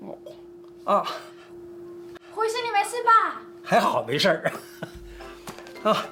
哦啊！胡醫生你沒事吧？還好，沒事兒。啊，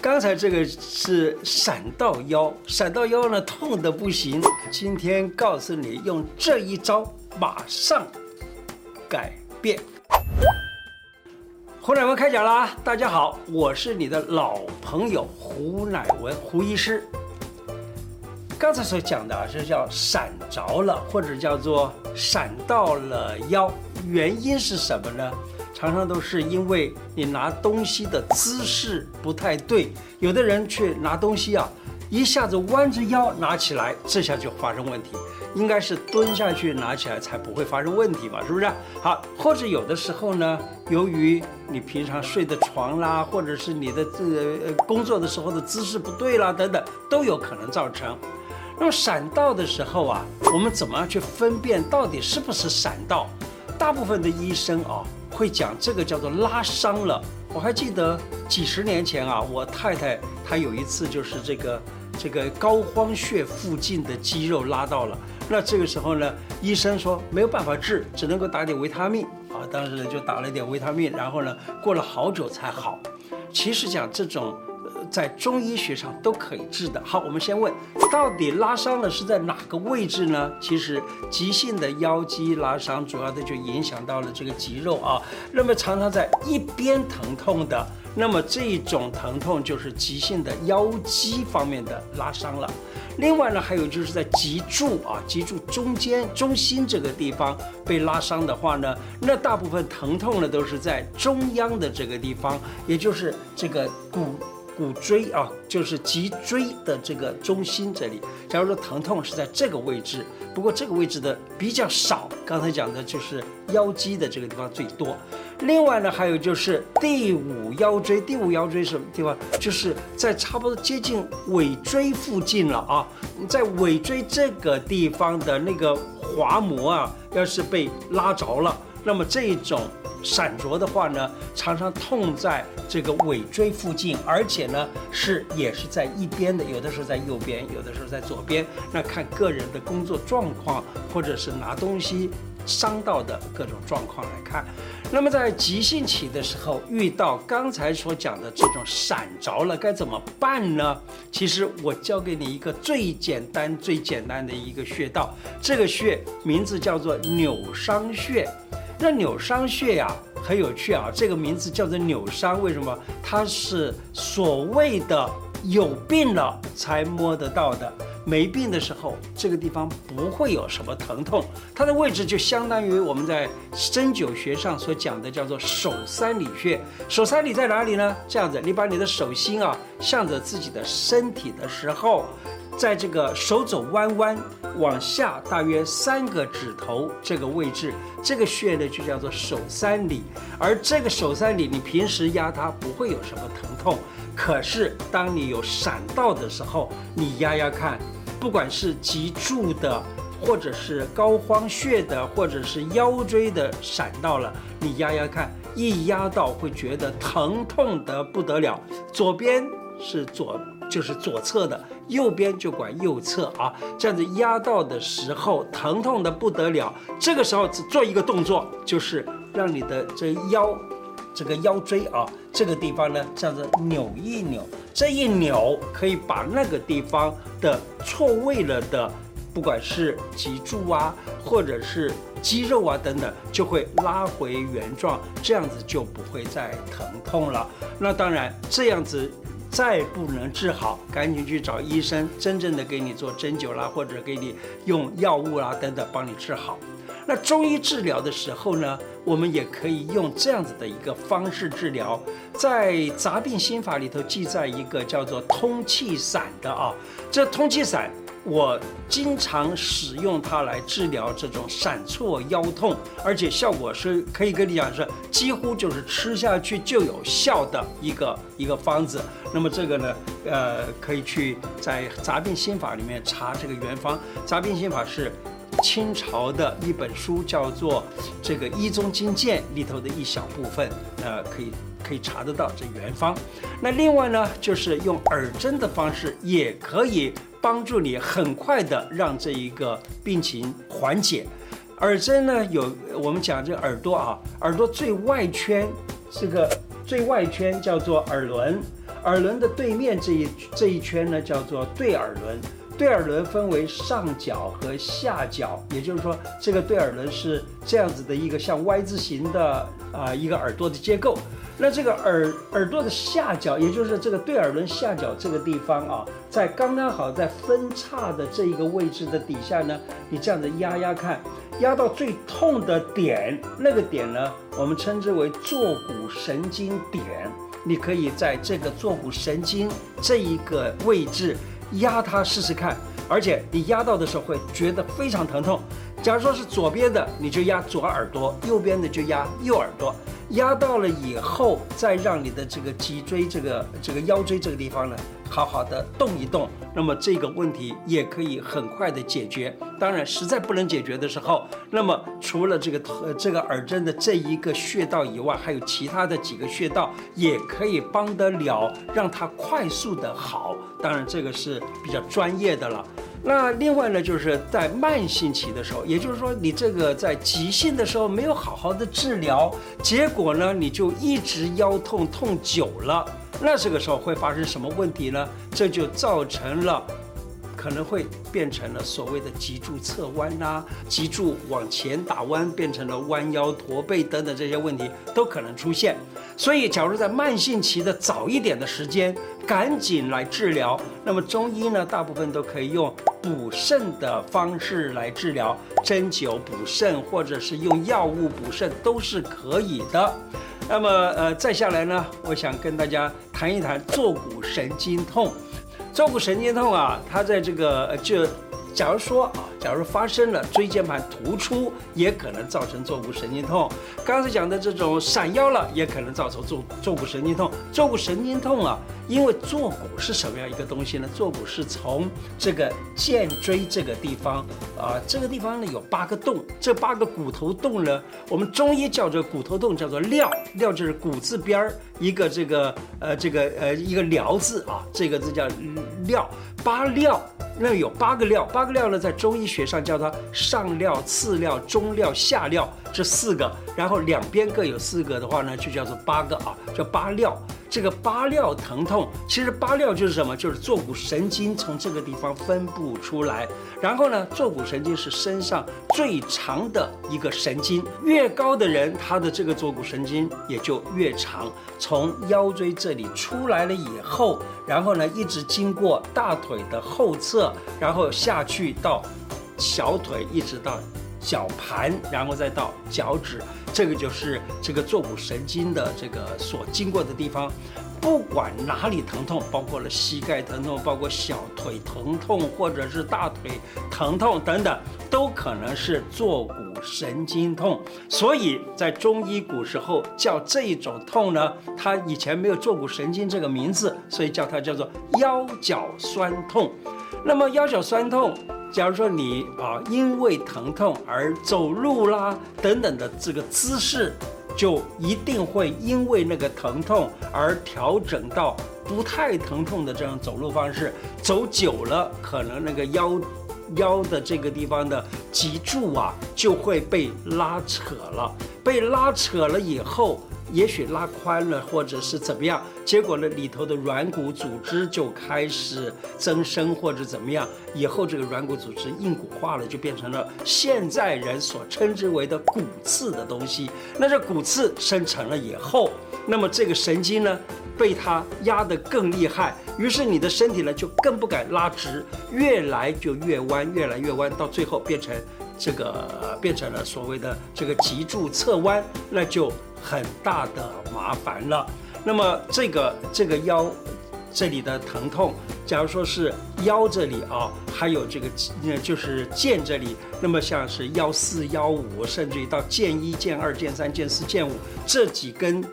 剛才這個是閃到腰，閃到腰呢，痛得不行。今天告訴你用這一招，馬上改變。胡乃文開講啦，大家好，我是你的老朋友胡乃文，胡醫師。剛才所講的啊，是叫閃着了，或者叫做閃到了腰，原因是什麼呢？常常都是因為你拿東西的姿勢不太對，有的人去拿東西啊，一下子彎着腰拿起來，這下就發生問題，應該是蹲下去拿起來才不會發生問題吧，是不是？好，或者有的時候呢，由於你平常睡的床啦，或者是你的這、呃、工作的時候的姿勢不對啦，等等，都有可能造成。那麼閃到的時候啊，我們怎麼樣去分辨到底是不是閃到？大部分的醫生啊會講這個叫做拉傷了。我還記得幾十年前啊，我太太她有一次就是這個這個膏肓穴附近的肌肉拉到了。那這個時候呢，醫生說沒有辦法治，只能夠打點維他命啊。當時呢就打了一點維他命，然後呢過了好久才好。其實講這種。在中醫學上都可以治的好。我們先問，到底拉傷了是在哪個位置呢？其實，急性的腰肌拉傷主要的就影響到了這個肌肉啊。那麼常常在一邊疼痛的，那麼這種疼痛就是急性的腰肌方面的拉傷了。另外呢，還有就是在脊柱啊，脊柱中間中心這個地方被拉傷的話呢，那大部分疼痛呢都是在中央的這個地方，也就是這個骨。骨椎啊，就是脊椎的這個中心這裡。假如說疼痛是在這個位置，不過這個位置的比較少。剛才講的就是腰肌的這個地方最多。另外呢，還有就是第五腰椎，第五腰椎什麼地方？就是在差不多接近尾椎附近了啊。在尾椎這個地方的那個滑膜啊，要是被拉着了。那麼這種閃着的話呢，常常痛在這個尾椎附近，而且呢是也是在一邊的，有的時候在右邊，有的時候在左邊。那看個人的工作狀況，或者是拿東西傷到的各種狀況來看。那麼在急性期的時候，遇到剛才所講的這種閃着了，該怎麼辦呢？其實我教給你一個最簡單、最簡單的一個穴道，這個穴名字叫做扭傷穴。那扭傷穴呀、啊，很有趣啊！這個名字叫做扭傷，為什麼？它是所謂的有病了才摸得到的，沒病的時候，這個地方不會有什麼疼痛。它的位置就相當於我們在針灸學上所講的，叫做手三里穴。手三里在哪裡呢？這樣子，你把你的手心啊，向着自己的身體的時候。在這個手肘彎彎往下大約三個指頭這個位置，這個穴呢就叫做手三里。而這個手三里，你平時壓它不會有什麼疼痛，可是當你有閃到的時候，你壓壓看，不管是脊柱的，或者是膏肓穴的，或者是腰椎的閃到了，你壓壓看，一壓到會覺得疼痛得不得了。左邊是左。就是左側的，右邊就管右側啊。這樣子壓到的時候，疼痛得不得了。這個時候只做一個動作，就是讓你的這腰，這個腰椎啊，這個地方呢，這樣子扭一扭。這一扭可以把那個地方的錯位了的，不管是脊柱啊，或者是肌肉啊等等，就會拉回原狀，這樣子就不會再疼痛了。那當然，這樣子。再不能治好，趕緊去找醫生，真正的給你做針灸啦，或者給你用藥物啦等等，幫你治好。那中醫治療的時候呢，我們也可以用這樣子的一個方式治療，在《雜病心法》裡頭記載一個叫做通氣散的啊，這通氣散。我經常使用它來治療這種閃挫腰痛，而且效果是可以跟你講，是幾乎就是吃下去就有效的一個一個方子。那麼這個呢，呃，可以去在《雜病心法》裡面查這個原方。《雜病心法》是清朝的一本書，叫做這個《醫宗金鑑》裡頭的一小部分，呃，可以可以查得到這原方。那另外呢，就是用耳針的方式也可以。幫助你很快的讓這一個病情緩解。耳針呢，有我們講這個耳朵啊，耳朵最外圈，這個最外圈叫做耳輪，耳輪的對面這一這一圈呢叫做對耳輪。對耳輪分為上角和下角，也就是說，這個對耳輪是這樣子的一個像 Y 字形的啊一個耳朵的結構。那這個耳耳朵的下角，也就是這個對耳輪下角這個地方啊，在剛剛好在分叉的這一個位置的底下呢，你這樣子壓壓看，壓到最痛的點，那個點呢，我們稱之為坐骨神經點。你可以在這個坐骨神經這一個位置。壓它試試看，而且你壓到的時候會覺得非常疼痛。假如說是左邊的，你就壓左耳朵；右邊的就壓右耳朵。壓到了以後，再讓你的這個脊椎、這個這個腰椎這個地方呢，好好的動一動，那麼這個問題也可以很快的解決。當然，實在不能解決的時候，那麼除了這個頭、這個耳針的這一個穴道以外，還有其他的幾個穴道也可以幫得了，讓它快速的好。當然，這個是比較專業的了。那另外呢，就是在慢性期的時候，也就是說你這個在急性的時候沒有好好的治療，結果呢你就一直腰痛痛久了，那這個時候會發生什麼問題呢？這就造成了，可能會變成了所謂的脊柱側彎啦、啊，脊柱往前打彎，變成了彎腰駝背等等這些問題都可能出現。所以，假如在慢性期的早一點的時間。趕緊來治療。那麼中醫呢，大部分都可以用補腎的方式來治療，針灸補腎，或者是用藥物補腎都是可以的。那麼呃，再下來呢，我想跟大家談一談坐骨神經痛。坐骨神經痛啊，它在這個呃，就。假如說啊，假如發生了椎間盤突出，也可能造成坐骨神經痛。剛才講的這種閃腰了，也可能造成坐坐骨神經痛。坐骨神經痛啊，因為坐骨是什麼樣一個東西呢？坐骨是從這個薦椎這個地方啊，這個地方呢有八個洞，這八個骨頭洞呢，我們中醫叫做骨頭洞，叫做髎。髎就是骨字邊兒一個這個呃這個呃一個髎字啊，這個字叫髎八髎，那有八個髎，八個髎呢，在中醫學上叫它上髎、次髎、中髎、下髎這四個，然後兩邊各有四個的話呢，就叫做八個啊，叫八髎。這個八髎疼痛，其實八髎就是什麼？就是坐骨神經從這個地方分布出來。然後呢，坐骨神經是身上最長的一個神經，越高的人，他的這個坐骨神經也就越長。從腰椎這裡出來了以後，然後呢，一直經過大腿的後側，然後下去到小腿，一直到。腳盤，然後再到腳趾，這個就是這個坐骨神經的這個所經過的地方。不管哪裡疼痛，包括了膝蓋疼痛，包括小腿疼痛，或者是大腿疼痛等等，都可能是坐骨神經痛。所以在中醫古時候叫這一種痛呢，它以前沒有坐骨神經這個名字，所以叫它叫做腰腳酸痛。那麼腰腳酸痛。假如說你啊，因為疼痛而走路啦等等的這個姿勢，就一定會因為那個疼痛而調整到不太疼痛的這種走路方式。走久了，可能那個腰腰的這個地方的脊柱啊，就會被拉扯了。被拉扯了以後。也許拉寬了，或者是怎麼樣，結果呢，裡頭的軟骨組織就開始增生，或者怎麼樣，以後這個軟骨組織硬骨化了，就變成了現在人所稱之為的骨刺的東西。那這骨刺生成了以後，那麼這個神經呢，被它壓得更厲害，於是你的身體呢，就更不敢拉直，越來就越彎，越來越彎，到最後變成。這個變成了所謂的這個脊柱側彎，那就很大的麻煩了。那麼這個這個腰這裡的疼痛，假如說是腰這裡啊，還有這個就是薦這裡，那麼像是腰四、腰五，甚至於到薦一、薦二、薦三、薦四、薦五這幾根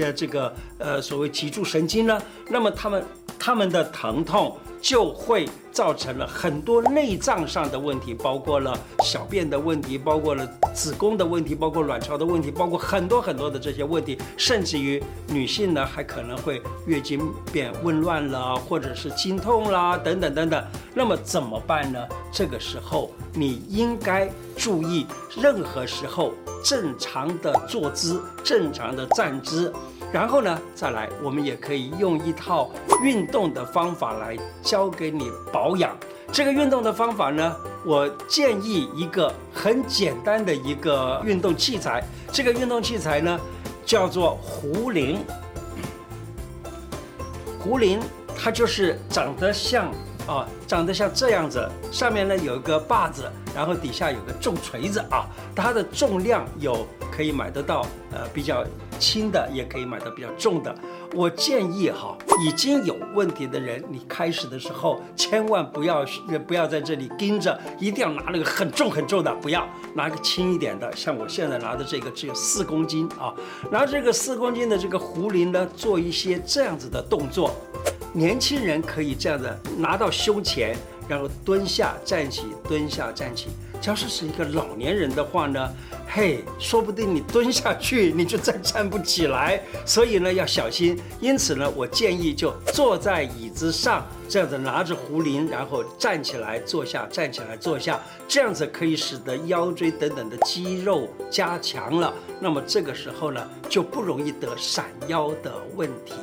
呃這個呃所謂脊柱神經呢，那麼他們他們的疼痛。就會造成了很多內臟上的問題，包括了小便的問題，包括了子宮的問題，包括卵巢的問題，包括很多很多的這些問題，甚至於女性呢還可能會月經變紊亂了，或者是經痛啦等等等等。那麼怎麼辦呢？這個時候你應該注意，任何時候正常的坐姿，正常的站姿。然後呢，再來，我們也可以用一套運動的方法來教給你保養。這個運動的方法呢，我建議一個很簡單的一個運動器材。這個運動器材呢，叫做壺鈴。壺鈴它就是長得像啊、呃，長得像這樣子，上面呢有一個把子，然後底下有個重錘子啊，它的重量有。可以買得到，呃，比較輕的也可以買得到比較重的。我建議哈、啊，已經有問題的人，你開始的時候千萬不要不要在這裡盯着，一定要拿那個很重很重的，不要拿個輕一點的。像我現在拿的這個只有四公斤啊，拿這個四公斤的這個壺鈴呢，做一些這樣子的動作。年輕人可以這樣子拿到胸前。然後蹲下、站起、蹲下、站起。假如是一個老年人的話呢，嘿，說不定你蹲下去你就再站不起來，所以呢要小心。因此呢，我建議就坐在椅子上，這樣子拿着壺鈴，然後站起來坐下、站起來坐下，這樣子可以使得腰椎等等的肌肉加強了。那麼這個時候呢，就不容易得閃腰的問題。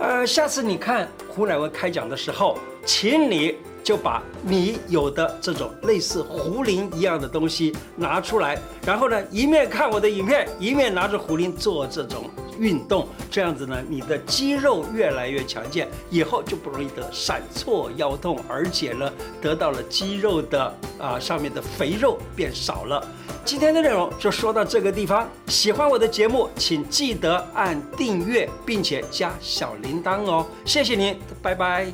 呃，下次你看胡乃文開講的時候，請你就把你有的這種類似壺鈴一樣的東西拿出來，然後呢，一面看我的影片，一面拿着壺鈴做這種運動這樣子呢，你的肌肉越來越強健，以後就不容易得閃挫腰痛，而且呢，得到了肌肉的啊、呃、上面的肥肉變少了。今天的內容就說到這個地方。喜歡我的節目，請記得按訂閱，並且加小鈴鐺哦。謝謝您，拜拜。